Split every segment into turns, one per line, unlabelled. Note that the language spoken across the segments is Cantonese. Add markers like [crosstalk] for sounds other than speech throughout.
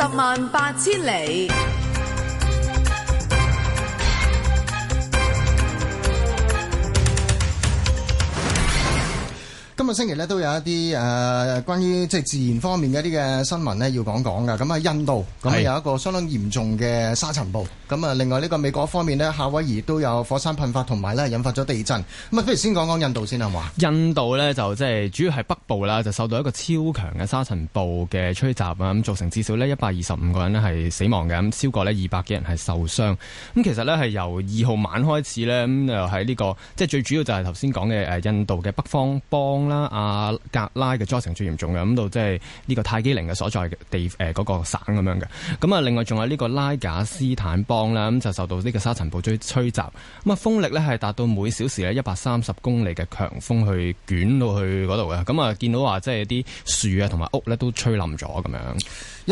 十萬八千里。
今日星期呢，都有一啲誒關於即係自然方面嘅一啲嘅新聞呢，要講講嘅。咁喺印度咁有一個相當嚴重嘅沙塵暴。咁啊，另外呢個美國方面呢，夏威夷都有火山噴發同埋呢引發咗地震。咁啊不如先講講印度先啊，好嘛。
印度呢就即係主要係北部啦，就受到一個超強嘅沙塵暴嘅吹襲啊，咁造成至少呢一百二十五個人呢係死亡嘅，咁超過呢二百幾人係受傷。咁其實呢，係由二號晚開始呢，咁又喺呢個即係最主要就係頭先講嘅誒印度嘅北方邦。啦，阿格拉嘅災情最嚴重嘅，咁到即係呢個泰姬陵嘅所在地誒，嗰、那個省咁樣嘅。咁啊，另外仲有呢個拉賈斯坦邦啦，咁就受到呢個沙塵暴追吹襲，咁啊風力呢係達到每小時一百三十公里嘅強風去捲到去嗰度嘅。咁啊，見到話即係啲樹啊同埋屋咧都吹冧咗咁樣。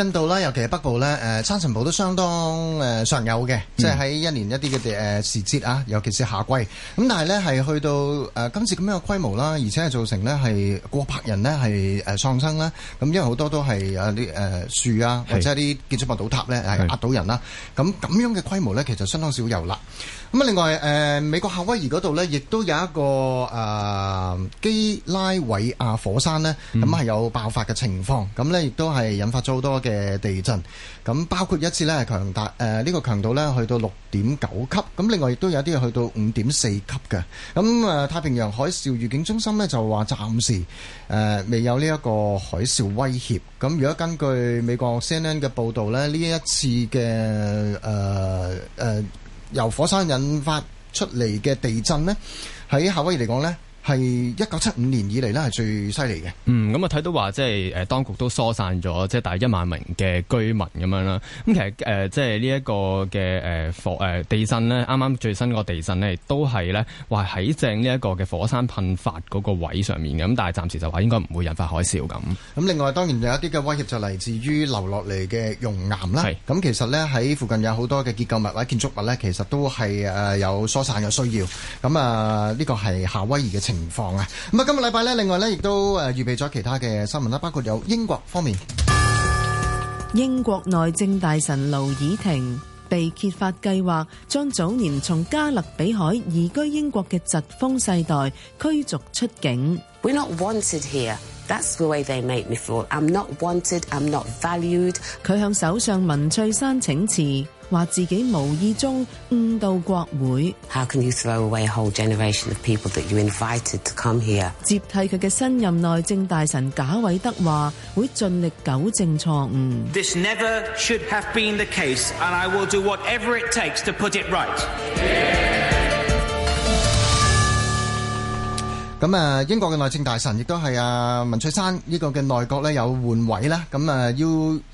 印度啦，尤其是北部呢，誒沙塵暴都相當誒常有嘅，嗯、即係喺一年一啲嘅誒時節啊，尤其是夏季。咁但係呢，係去到誒今次咁樣嘅規模啦，而且係造成。咧係過百人呢係誒喪生啦，咁因為好多都係啊啲誒樹啊或者啲建築物倒塌咧誒壓到人啦，咁咁是是 樣嘅規模咧其實相當少有啦。咁啊，另外誒、呃，美國夏威夷嗰度呢，亦都有一個誒、呃、基拉韋亞火山呢，咁係、嗯、有爆發嘅情況，咁呢，亦都係引發咗好多嘅地震，咁包括一次呢，係強大誒，呢、呃呢個強度呢，去到六點九級，咁另外亦都有啲去到五點四級嘅，咁、呃、太平洋海嘯預警中心呢，就話暫時誒、呃、未有呢一個海嘯威脅，咁如果根據美國 CNN 嘅報導呢，呢一次嘅誒誒。呃呃由火山引發出嚟嘅地震咧，喺夏威夷嚟講咧。係一九七五年以嚟呢，係最犀利嘅。
嗯，咁啊睇到話即係誒，當局都疏散咗即係大約一萬名嘅居民咁樣啦。咁其實誒、呃，即係呢一個嘅誒火誒、呃、地震呢，啱啱最新個地震呢，都係呢話喺正呢一個嘅火山噴發嗰個位上面嘅。咁但係暫時就話應該唔會引發海嘯咁。
咁另外當然有一啲嘅威脅就嚟自於流落嚟嘅熔岩啦。咁是其實呢，喺附近有好多嘅結構物或者建築物呢，其實都係誒有疏散嘅需要。咁啊呢、這個係夏威夷嘅情情況啊。咁啊，今日禮拜呢，另外呢亦都誒預備咗其他嘅新聞啦，包括有英國方面，
英國內政大臣盧爾廷，被揭發計劃將早年從加勒比海移居英國嘅疾風世代驅逐出境。We're not wanted here. That's the way they make me feel. I'm not wanted. I'm not valued. 佢向首相文翠珊請辭話自己無意中誤導國
會，How can you throw away a whole generation of people that you invited to come here?
接替佢嘅新任內政大臣賈偉德話會盡力糾正錯誤。
This never should have been the case, and I will do whatever it takes to put it right.
咁啊，英國嘅內政大臣亦都係啊，文翠山呢個嘅內閣咧有換位啦。咁啊，要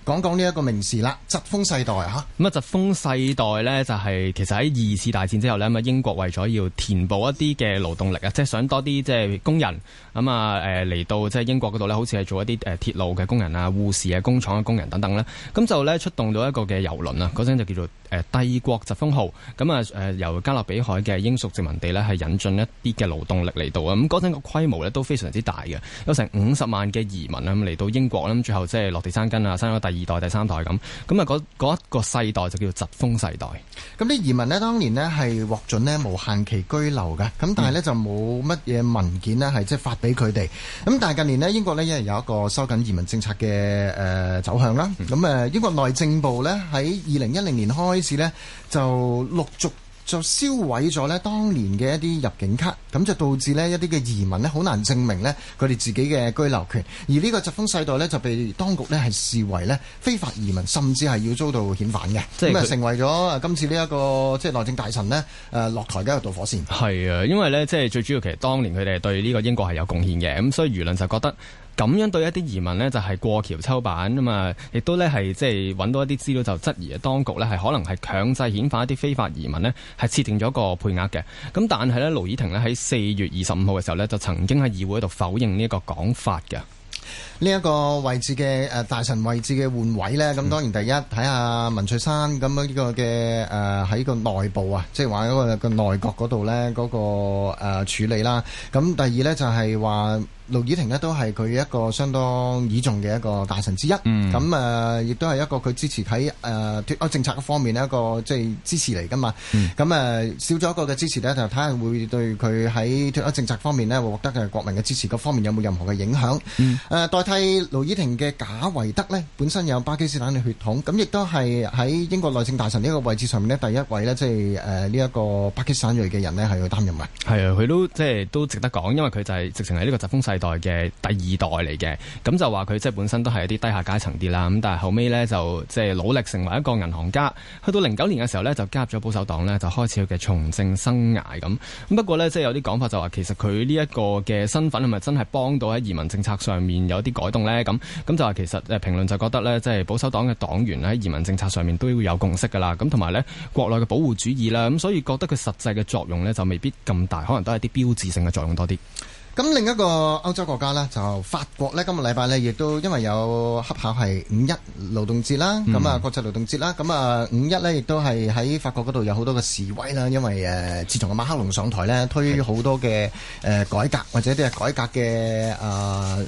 講講呢一個名詞啦，疾風世代嚇。咁
啊，疾風世代咧就係、是、其實喺二次大戰之後咧，咁啊英國為咗要填補一啲嘅勞動力啊，即係想多啲即係工人，咁啊誒嚟到即係英國嗰度咧，好似係做一啲誒鐵路嘅工人啊、護士啊、工廠嘅工人等等啦。咁就咧出動到一個嘅郵輪啊，嗰陣就叫做，誒帝國疾風號，咁啊誒由加勒比海嘅英屬殖民地呢，係引進一啲嘅勞動力嚟到啊，咁嗰陣個規模咧都非常之大嘅，有成五十萬嘅移民啊，咁嚟到英國，咁最後即係落地生根啊，生咗第二代、第三代咁，咁啊嗰一個世代就叫做疾風世代。
咁啲移民咧，當年咧係獲准咧無限期居留嘅，咁但係呢，就冇乜嘢文件咧係即係發俾佢哋。咁但係近年呢，英國呢，因為有一個收緊移民政策嘅誒走向啦。咁誒英國內政部呢，喺二零一零年開是呢就陸續就銷毀咗呢當年嘅一啲入境卡，咁就導致呢一啲嘅移民呢好難證明呢佢哋自己嘅居留權，而呢個疾風世代呢，就被當局呢係視為呢非法移民，甚至係要遭到遣返嘅，咁啊成為咗今次呢、這、一個即係、就是、內政大臣呢誒、呃、落台嘅一個導火線。
係啊，因為呢，即、就、係、是、最主要，其實當年佢哋對呢個英國係有貢獻嘅，咁所以輿論就覺得。咁樣對一啲移民呢，就係過橋抽板咁啊！亦都呢係即係揾到一啲資料，就質疑當局呢係可能係強制遣返一啲非法移民呢，係設定咗個配額嘅。咁但係呢，盧以廷呢喺四月二十五號嘅時候呢，就曾經喺議會度否認呢一個講法嘅。
呢一個位置嘅大臣位置嘅換位呢，咁當然第一睇下、嗯、文翠珊咁樣呢個嘅喺個內部啊，即係話嗰個內內閣嗰度呢，嗰個處處理啦。咁第二呢，就係話。盧怡婷呢都係佢一個相當倚重嘅一個大臣之一，咁誒亦都係一個佢支持喺誒脫歐政策嘅方面呢一個即係支持嚟㗎嘛。咁誒少咗一個嘅支持呢，就睇下會對佢喺脫歐政策方面咧獲、嗯、得嘅國民嘅支持個方面有冇任何嘅影響。誒、嗯、代替盧怡婷嘅賈維德呢，本身有巴基斯坦嘅血統，咁亦都係喺英國內政大臣呢個個位置上面呢。第一位呢，即係誒呢一個巴基斯坦裔嘅人呢，係去擔任嘅。
係啊，佢都即係都值得講，因為佢就係直情係呢個疾風勢。代嘅第二代嚟嘅，咁就話佢即係本身都係一啲低下階層啲啦，咁但係後尾呢就即係努力成為一個銀行家，去到零九年嘅時候呢就加入咗保守黨呢，就開始佢嘅從政生涯咁。咁不過呢即係有啲講法就話其實佢呢一個嘅身份係咪真係幫到喺移民政策上面有啲改動呢？咁咁就話其實誒評論就覺得呢即係保守黨嘅黨員喺移民政策上面都會有共識噶啦，咁同埋呢國內嘅保護主義啦，咁所以覺得佢實際嘅作用呢就未必咁大，可能都係啲標誌性嘅作用多啲。咁另一個歐洲國家咧，就法國咧，今日禮拜咧亦都因為有恰巧係
五一勞動節啦，咁啊國際勞動節啦，咁啊五一咧亦都係喺法國嗰度有好多嘅示威啦，因為誒自從阿馬克龍上台咧，推好多嘅誒改革或者啲係改革嘅誒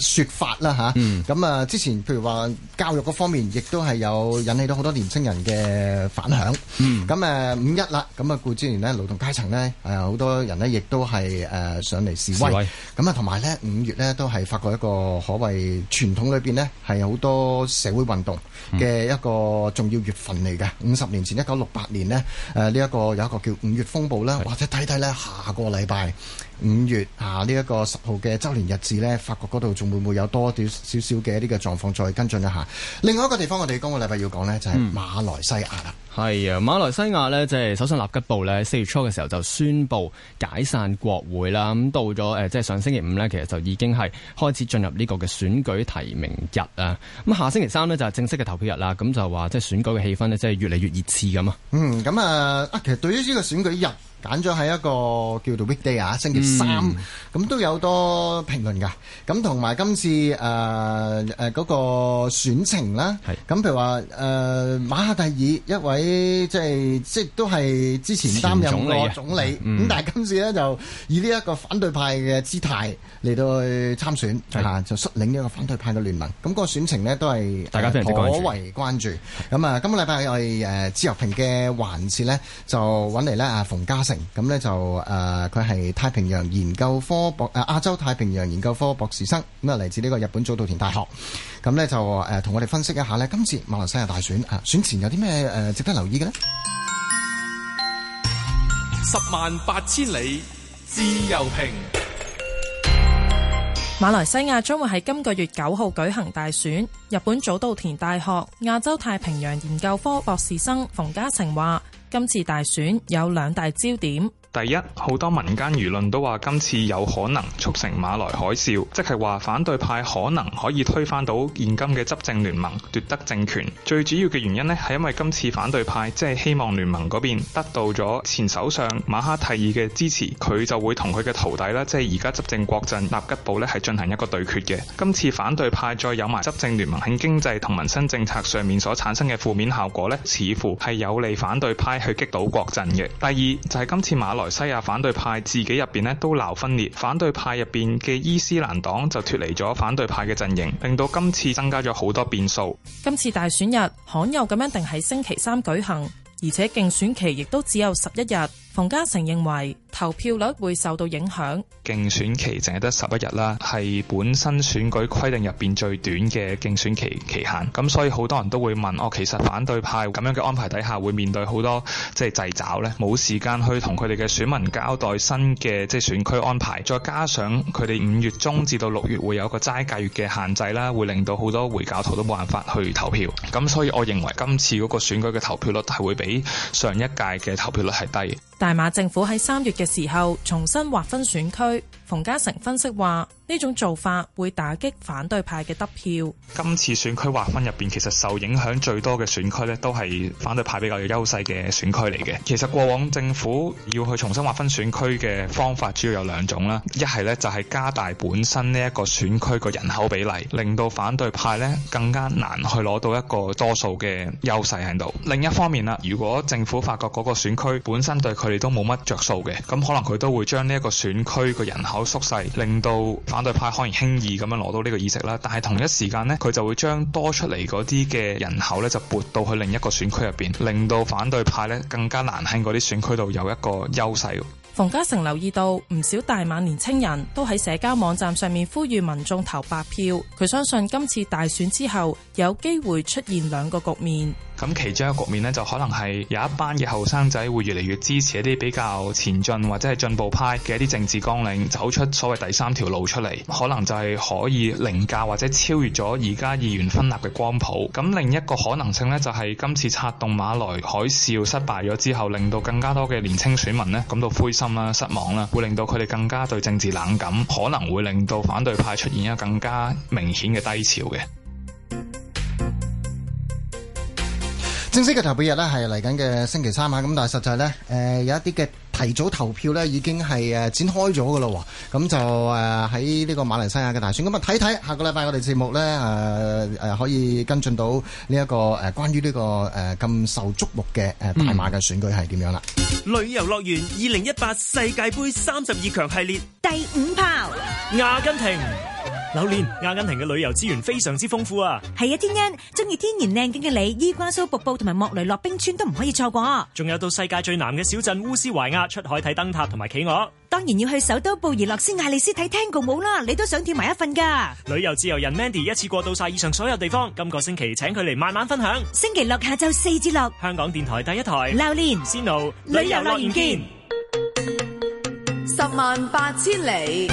説法啦嚇，咁啊之前譬如話教育嗰方面，亦都係有引起到好多年輕人嘅反響，咁誒五一啦，咁啊故之然咧，勞動階層咧誒好多人咧亦都係誒上嚟示。喂，咁啊，同埋咧，五月咧都係法國一個可謂傳統裏面咧係好多社會運動嘅一個重要月份嚟嘅。五十年前，一九六八年呢，呢、呃、一、這個有一個叫五月風暴啦。是的 或者睇睇咧下個禮拜五月啊呢一、這個十號嘅周年日子咧，法國嗰度仲會唔會有多少少少嘅呢個狀況再跟進一下？另外一個地方我哋今個禮拜要講咧就係、是、馬來西亞啦。
係啊，馬來西亞咧，即係首相納吉布咧，四月初嘅時候就宣布解散國會啦。咁到咗誒，即係上星期五咧，其實就已經係開始進入呢個嘅選舉提名日啊。咁下星期三呢，就係正式嘅投票日啦。咁就話即係選舉嘅氣氛呢，即係越嚟越熱刺咁啊。嗯，咁啊，
啊，其實對於呢個選舉日。揀咗喺一個叫做 weekday 啊，星期三，咁都、嗯、有多評論噶。咁同埋今次誒誒嗰個選情啦，咁是譬如話誒、呃、馬哈蒂爾一位、就是、即係即係都係之前擔任過總理，咁、啊嗯、但係今次咧就以呢是一個反對派嘅姿態嚟到去參選吓就率領一個反對派嘅聯盟。咁、嗰個選情咧都係大家都係頗為關注。咁是注啊，今個禮拜我哋誒、呃、自由評嘅環節咧，就揾嚟咧啊，馮、呃、嘉。咁呢就誒，佢、呃、係太平洋研究科博誒，亞、呃、洲太平洋研究科博士生，咁啊嚟自呢個日本早稻田大學。咁呢就誒，同、呃、我哋分析一下呢，今次馬來西亞大選啊，選前有啲咩誒值得留意嘅呢？
十萬八千里自由行
馬來西亞將會喺今個月九號舉行大選。日本早稻田大學亞洲太平洋研究科博士生馮嘉誠話。今次大選有兩大焦點。
第一，好多民間輿論都話今次有可能促成馬來海嘯，即係話反對派可能可以推翻到現今嘅執政聯盟奪得政權。最主要嘅原因呢，係因為今次反對派即係、就是、希望聯盟嗰邊得到咗前首相馬哈蒂爾嘅支持，佢就會同佢嘅徒弟啦，即係而家執政國陣納吉布呢，係進行一個對決嘅。今次反對派再有埋執政聯盟喺經濟同民生政策上面所產生嘅負面效果呢，似乎係有利反對派去擊倒國陣嘅。第二就係、是、今次馬來萊西亞反對派自己入邊都鬧分裂，反對派入邊嘅伊斯蘭黨就脫離咗反對派嘅陣營，令到今次增加咗好多變數。
今次大選日罕有咁樣定喺星期三舉行，而且競選期亦都只有十一日。洪家誠認為投票率會受到影響，
競選期淨係得十一日啦，係本身選舉規定入邊最短嘅競選期期限。咁所以好多人都會問，哦，其實反對派咁樣嘅安排底下，會面對好多即係掣肘呢？冇時間去同佢哋嘅選民交代新嘅即係選區安排，再加上佢哋五月中至到六月會有個齋戒月嘅限制啦，會令到好多回教徒都冇辦法去投票。咁所以我認為今次嗰個選舉嘅投票率係會比上一屆嘅投票率係低。
大馬政府喺三月嘅時候重新劃分選區，馮嘉誠分析話，呢種做法會打擊反對派嘅得票。
今次選區劃分入邊，其實受影響最多嘅選區呢都係反對派比較有優勢嘅選區嚟嘅。其實過往政府要去重新劃分選區嘅方法主要有兩種啦，一係呢，就係加大本身呢一個選區個人口比例，令到反對派呢更加難去攞到一個多數嘅優勢喺度。另一方面啦，如果政府發覺嗰個選區本身對佢哋都冇乜着數嘅，咁可能佢都會將呢一個選區個人口縮細，令到反對派可能輕易咁樣攞到呢個議席啦，但係同一時間呢，佢就會將多出嚟嗰啲嘅人口呢，就撥到去另一個選區入邊，令到反對派呢更加難喺嗰啲選區度有一個優勢。
馮嘉誠留意到唔少大馬年青人都喺社交網站上面呼籲民眾投白票，佢相信今次大選之後有機會出現兩個局面。
咁其中一個局面咧，就可能係有一班嘅後生仔會越嚟越支持一啲比較前進或者係進步派嘅一啲政治綱領，走出所謂第三條路出嚟，可能就係可以凌駕或者超越咗而家議員分立嘅光譜。咁另一個可能性呢，就係、是、今次策動馬來海嘯失敗咗之後，令到更加多嘅年青選民咧感到灰心啦、失望啦，會令到佢哋更加對政治冷感，可能會令到反對派出現一個更加明顯嘅低潮嘅。
正式嘅投票日咧，係嚟緊嘅星期三啊，咁但係實際咧，誒有一啲嘅提早投票咧已經係誒展開咗噶咯，咁就誒喺呢個馬來西亞嘅大選，咁啊睇睇下個禮拜我哋節目咧誒誒可以跟進到呢一個誒關於呢個誒咁受矚目嘅誒大馬嘅選舉係
點樣啦。旅遊樂園二零一八世界杯三十二強系列
第五炮，阿根廷。紐蓮阿根廷嘅旅遊資源非常之豐富啊！係啊，天恩中意天然靚景嘅你，伊瓜蘇瀑布同埋莫雷洛冰川都唔可以錯過。仲有到世
界最南嘅小鎮烏斯懷亞出海睇燈塔同埋企鵝。
當然要去首都布宜諾斯艾利斯睇探戈舞啦！你都想跳埋一份噶？
旅遊自由人 Mandy 一次過到晒以上所有地方。今個星期請佢嚟慢慢分享。星期六下晝四至六，香港電台第一台，
紐蓮仙
奴
旅遊樂園見，
十萬八千里。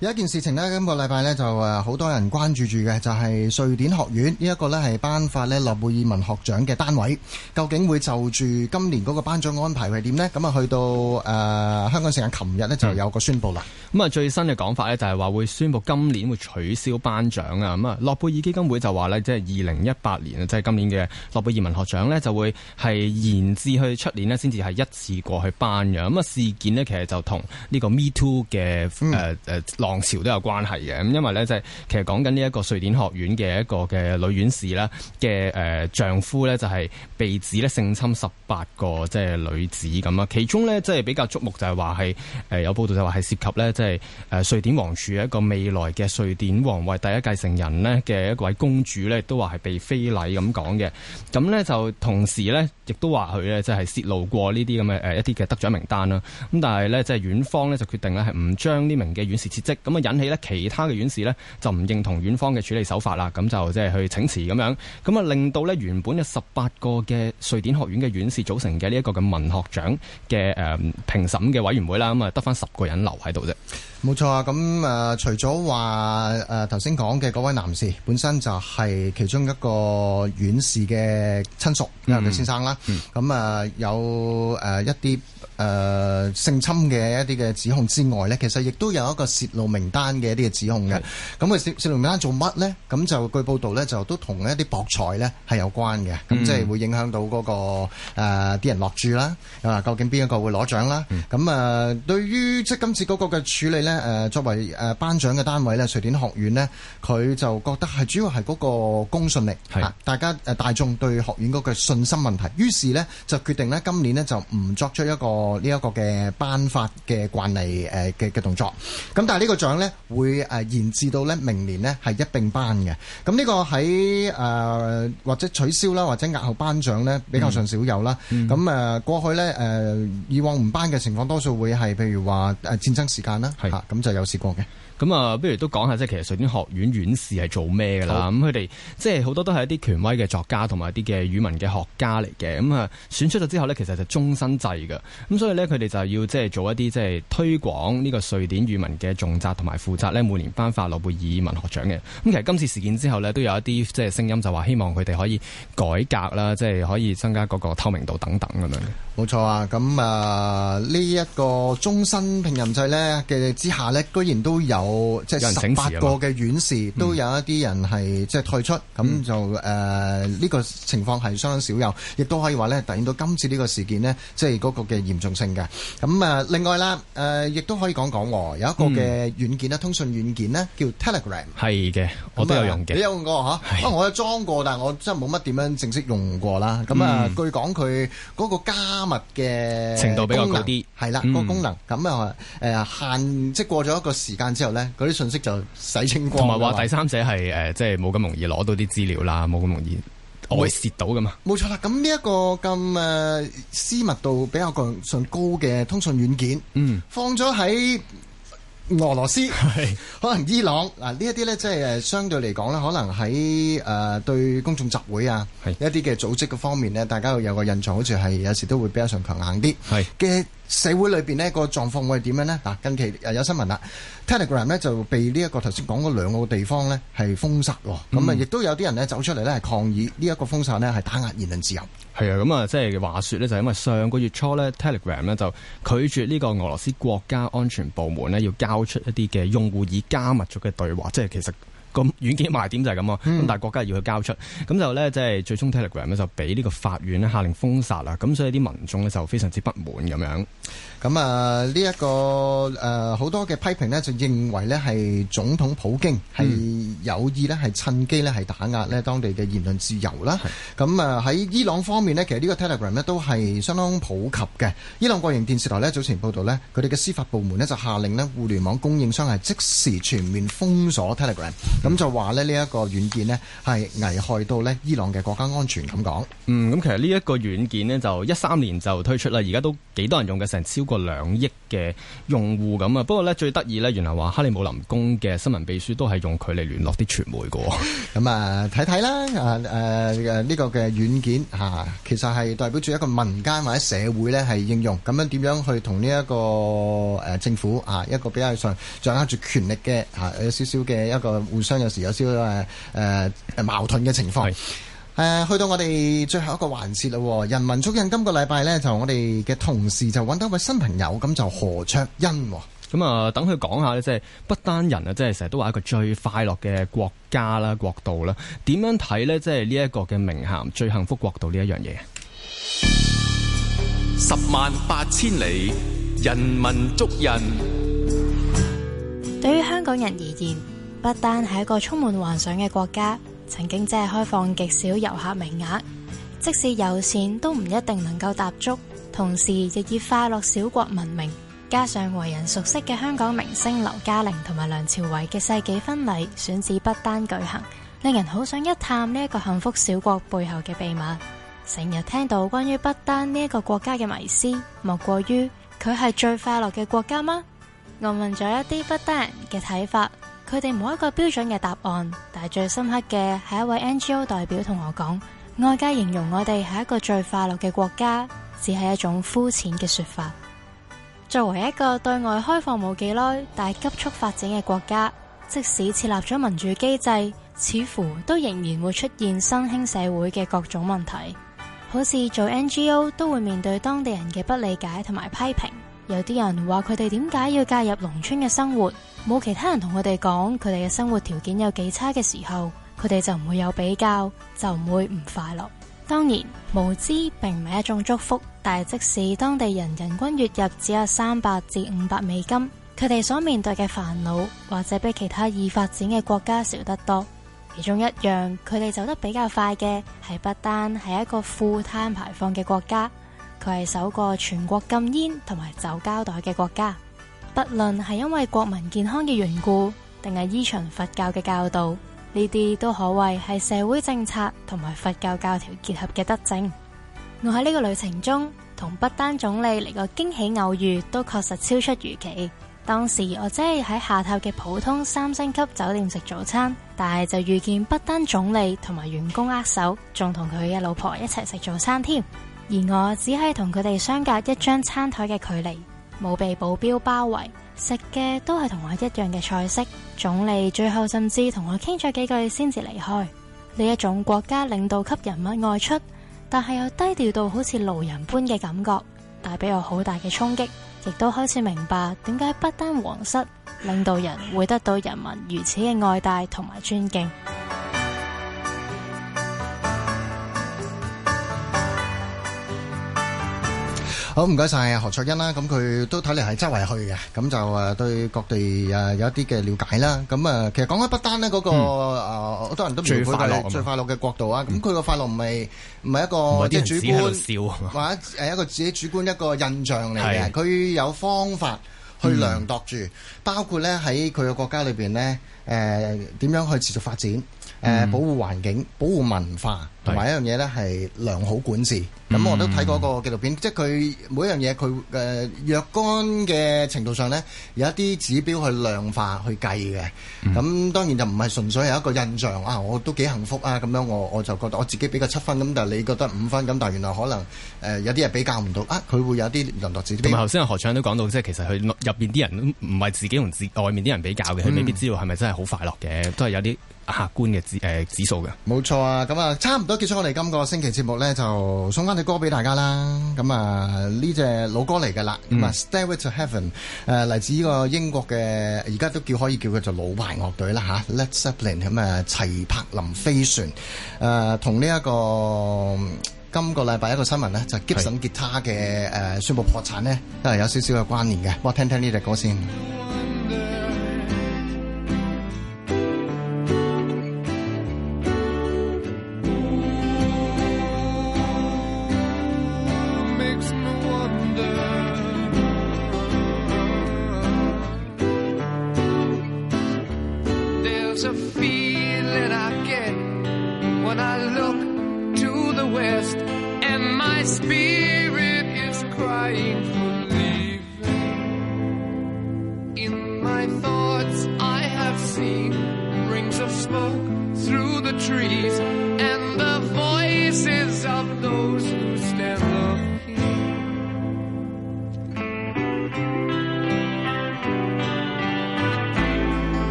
有一件事情呢，今個禮拜呢，就誒好多人關注住嘅，就係、是、瑞典學院呢一、這個咧係頒發呢諾貝爾文學獎嘅單位，究竟會就住今年嗰個頒獎安排係點咧？咁啊去到誒、呃、香港時間琴日咧就有個宣佈啦。
咁啊、嗯、最新嘅講法咧就係話會宣佈今年會取消頒獎啊。咁啊諾貝爾基金會就話咧，即係二零一八年啊，即、就、係、是、今年嘅諾貝爾文學獎咧就會係延至去出年咧先至係一次過去頒嘅。咁啊事件咧其實就同呢個 MeToo 嘅誒誒。嗯皇朝都有關係嘅咁，因為呢，即係其實講緊呢一個瑞典學院嘅一個嘅女院士呢嘅誒丈夫呢，就係被指呢性侵十八個即係女子咁啊，其中呢，即係比較觸目就係話係誒有報道就話係涉及呢，即係誒瑞典王儲一個未來嘅瑞典王位第一繼承人呢嘅一位公主呢，都話係被非禮咁講嘅，咁呢，就同時呢，亦都話佢呢，即係泄露過呢啲咁嘅誒一啲嘅得獎名單啦，咁但係呢，即係院方呢，就決定呢，係唔將呢名嘅院士撤職。咁啊，引起咧其他嘅院士咧就唔認同院方嘅處理手法啦，咁就即係去請辭咁樣，咁啊令到咧原本嘅十八個嘅瑞典學院嘅院士組成嘅呢一個嘅文學獎嘅誒評審嘅委員會啦，咁啊得返十個人留喺度啫。
冇錯啊！咁誒、呃、除咗話誒頭先講嘅位男士本身就係其中一個院士嘅親屬啊嘅先生啦，咁啊、嗯呃、有誒一啲誒性侵嘅一啲嘅指控之外咧，其實亦都有一個洩露名單嘅一啲嘅指控嘅。咁佢洩洩露名單做乜咧？咁就據報道咧，就都同一啲博彩咧係有關嘅，咁即係會影響到嗰誒啲人落注啦。啊，究竟邊一個會攞獎啦？咁啊、嗯呃，對於即係今次嗰嘅處理咧？咧作為誒頒獎嘅單位咧，瑞典學院咧，佢就覺得係主要係嗰個公信力，係是大家誒大眾對學院嗰個信心問題。於是呢就決定咧今年呢就唔作出一個呢一個嘅頒發嘅慣例誒嘅嘅動作。咁但係呢個獎呢會誒延至到呢明年呢係一並頒嘅。咁呢個喺誒、呃、或者取消啦，或者押後頒獎呢比較上少有啦。咁誒、嗯、過去呢誒、呃、以往唔頒嘅情況，多數會係譬如話誒戰爭時間啦。咁就有試過嘅，
咁啊，不如都講下即係其實瑞典學院院士係做咩噶啦？咁佢哋即係好多都係一啲權威嘅作家同埋一啲嘅語文嘅學家嚟嘅，咁啊選出咗之後呢，其實就終身制嘅，咁所以呢，佢哋就要即係做一啲即係推廣呢個瑞典語文嘅重責同埋負責呢每年頒發諾貝爾文學獎嘅。咁其實今次事件之後呢，都有一啲即係聲音就話希望佢哋可以改革啦，即係可以增加嗰個透明度等等咁樣。
冇錯啊！咁啊，呢一個終身聘任制咧嘅之下咧，居然都有即係十八個嘅院士都有一啲人係即係退出，咁就誒呢個情況係相當少有，亦都可以話咧突顯到今次呢個事件咧，即係嗰個嘅嚴重性嘅。咁啊，另外啦，誒亦都可以講講，有一個嘅軟件咧，通訊軟件咧，叫 Telegram。
係嘅，我都有用嘅。
你有用過嚇？啊，我有裝過，但係我真係冇乜點樣正式用過啦。咁啊，據講佢嗰個加密。物嘅程度比較高啲，係啦了、嗯、個功能咁又誒限，即係過咗一個時間之後咧，嗰啲訊息就洗清光，同埋話第三者
係誒、呃，即係冇咁容易攞到啲資料啦，冇咁容易外泄到㗎嘛沒。冇
錯啦，咁呢一個咁誒、呃、私密度比較高、上高嘅通訊軟件，嗯，放咗喺。俄羅斯係是可能伊朗嗱呢一啲咧，即係誒相對嚟講咧，可能喺誒、呃、對公眾集會啊，是一啲嘅組織嘅方面咧，大家會有個印象，好似係有時都會比較上強硬啲嘅。是社會裏邊呢個狀況會係點樣呢？嗱，近期誒有新聞啦，Telegram 呢就被呢一個頭先講嗰兩個地方呢係封殺喎，咁啊亦都有啲人呢走出嚟呢係抗議呢一個封殺呢係打壓言論自由。
係啊，咁啊即係話說呢，就因為上個月初呢 Telegram 呢就拒絕呢個俄羅斯國家安全部門呢要交出一啲嘅用戶已加密咗嘅對話，即係其實。個軟件賣點就係咁，咁但係國家要去交出，咁、嗯、就咧即係最終 Telegram 咧就俾呢個法院咧下令封殺啦。咁所以啲民眾呢，就非常之不滿咁樣。咁啊呢一個
誒好、呃、多嘅批評呢，就認為呢係總統普京係有意呢，係趁機呢係打壓呢當地嘅言論自由啦。咁啊喺伊朗方面呢，其實呢個 Telegram 呢，都係相當普及嘅。伊朗國營電視台呢，早前報道呢，佢哋嘅司法部門呢，就下令呢，互聯網供應商係即時全面封鎖 Telegram。咁、嗯、就話咧呢一個軟件呢係危害到呢伊朗嘅國家安全咁講。
嗯，咁其實呢一個軟件呢就一三年就推出啦，而家都幾多人用嘅，成超過兩億嘅用戶咁啊！不過呢最得意呢，原來話克里姆林宮嘅新聞秘書都係用佢嚟聯絡啲傳媒㗎。咁啊、嗯，睇睇啦，誒誒呢個嘅軟件嚇、啊，其實
係代表住一個民間或者社會呢係應用咁樣點樣去同呢一個誒政府啊，一個比較上掌握住權力嘅嚇有少少嘅一個互。有時有少少矛盾嘅情況是、啊。去到我哋最後一個環節嘞，人文足印今個禮拜咧，就我哋嘅同事就揾到一位新朋友，咁就何綽忻。
咁啊、呃，等佢講下咧，即、就、係、是、不丹人啊，即係成日都話一個最快樂嘅國家啦、國度啦，點樣睇咧？即係呢一個嘅名銜最幸福國度呢一樣嘢。十萬八千里，人文足印。
對於香港人而言。不丹係一個充滿幻想嘅國家，曾經只係開放極少遊客名額，即使有錢都唔一定能夠踏足。同時亦以快樂小國聞名，加上為人熟悉嘅香港明星劉嘉玲同埋梁朝偉嘅世紀婚禮選址不丹舉行，令人好想一探呢一個幸福小國背後嘅秘密。成日聽到關於不丹呢一個國家嘅迷思，莫過於佢係最快樂嘅國家嗎？我問咗一啲不丹人嘅睇法。佢哋冇一個標準嘅答案，但係最深刻嘅係一位 NGO 代表同我講，外界形容我哋係一個最快樂嘅國家，只係一種膚淺嘅說法。作為一個對外開放冇幾耐但係急速發展嘅國家，即使設立咗民主機制，似乎都仍然會出現新興社會嘅各種問題，好似做 NGO 都會面對當地人嘅不理解同埋批評。有啲人話佢哋點解要介入農村嘅生活，冇其他人同佢哋講佢哋嘅生活條件有幾差嘅時候，佢哋就唔會有比較，就唔會唔快樂。當然，無知並唔係一種祝福，但係即使當地人人均月入只有三百至五百美金，佢哋所面對嘅煩惱或者比其他已發展嘅國家少得多。其中一樣，佢哋走得比較快嘅係不丹係一個負碳排放嘅國家。佢係首個全國禁煙同埋走膠袋嘅國家，不論係因為國民健康嘅緣故，定係依循佛教嘅教導，呢啲都可謂係社會政策同埋佛教教條結合嘅德政。我喺呢個旅程中同不丹總理嚟個驚喜偶遇，都確實超出預期。當時我只係喺下榻嘅普通三星級酒店食早餐，但係就遇見不丹總理同埋員工握手，仲同佢嘅老婆一齊食早餐添。而我只係同佢哋相隔一張餐台嘅距離，冇被保鏢包圍，食嘅都係同我一樣嘅菜式。總理最後甚至同我傾咗幾句，先至離開。呢一種國家領導級人物外出，但係又低調到好似路人般嘅感覺，帶俾我好大嘅衝擊，亦都開始明白點解不丹皇室領導人會得到人民如此嘅愛戴同埋尊敬。
好，唔該晒何卓欣啦，咁佢都睇嚟係周圍去嘅，咁就誒對各地誒有一啲嘅了解啦。咁啊，其實講開不丹咧，嗰、那個誒好、嗯呃、多人都唔會係最快樂嘅國度啊。咁佢個快樂唔係唔係一個主觀，或者誒一個自己主觀 [laughs] 一個印象嚟嘅。佢是有方法去量度住，嗯、包括咧喺佢嘅國家裏邊咧，誒、呃、點樣去持續發展，誒、嗯呃、保護環境，保護文化。同埋一樣嘢咧係良好管治，咁是我都睇過個紀錄片，嗯、即係佢每一樣嘢佢誒若干嘅程度上呢，有一啲指標去量化去計嘅。咁、嗯、當然就唔係純粹有一個印象啊，我都幾幸福啊咁樣我，我我就覺得我自己比較七分，咁但係你覺得五分，咁但原來可能、呃、有啲係比較唔到啊，佢會有啲量度指標。同埋頭
先何綽都講到，即係其實佢入面啲人唔係自己同自己外面啲人比較嘅，佢未必知道係咪真係好快樂嘅，都係有啲客觀嘅指誒指數嘅。
冇、嗯、錯啊，咁啊差。都結束我哋今個星期節目咧，就送翻隻歌俾大家啦。咁啊，呢、這、隻、個、老歌嚟噶啦。咁啊，Stairway to Heaven，誒嚟、啊、自呢個英國嘅，而家都叫可以叫佢做老牌樂隊啦、啊、Led Zeppelin，咁啊，齊柏林飛船。誒、啊，同呢一個、嗯、今個禮拜一個新聞咧，就係 Gibson 吉他嘅誒宣布破產咧，都、啊、係有少少嘅關聯嘅。我聽聽呢隻歌先。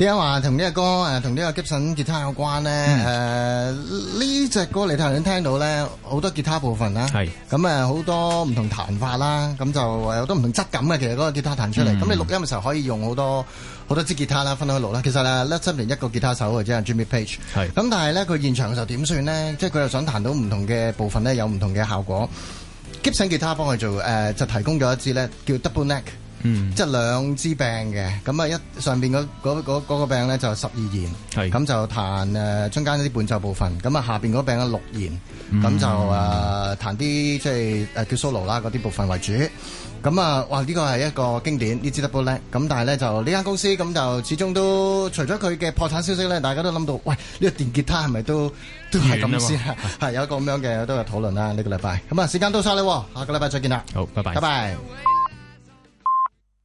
點解話同呢個歌同呢個 Gibson 吉他有關咧？誒呢隻歌你頭先聽到咧，好多吉他部分啦。咁好是 多唔同彈法啦，咁就有好多唔同質感嘅。其實嗰個吉他彈出嚟，咁、嗯、你錄音嘅時候可以用好多好多支吉他啦，分開錄啦。其實啊，六七年一個吉他手即係 Jimmy Page 咁，是 但係咧，佢現場嘅時候點算咧？即係佢又想彈到唔同嘅部分咧，有唔同嘅效果。Gibson 吉他幫佢做、呃、就提供咗一支咧，叫 Double Neck。嗯，即係兩支柄嘅，咁啊一上邊嗰、嗰個柄咧就十、是、二弦，咁是就彈誒、呃、中間啲伴奏部分，咁啊下邊嗰柄啊六弦，咁、嗯、就誒彈啲即係誒、呃、叫 solo 啦嗰啲部分為主，咁啊哇呢個係一個經典，E.G.Double 咧，咁但係咧就呢間公司咁就始終都除咗佢嘅破產消息咧，大家都諗到喂呢、呢個電吉他係咪都都係咁先係、哦、 [laughs] 有一個咁樣嘅都有討論啦呢個禮拜，咁啊時間到晒啦，下個禮拜再見啦，好，拜拜 Bye bye.，拜拜。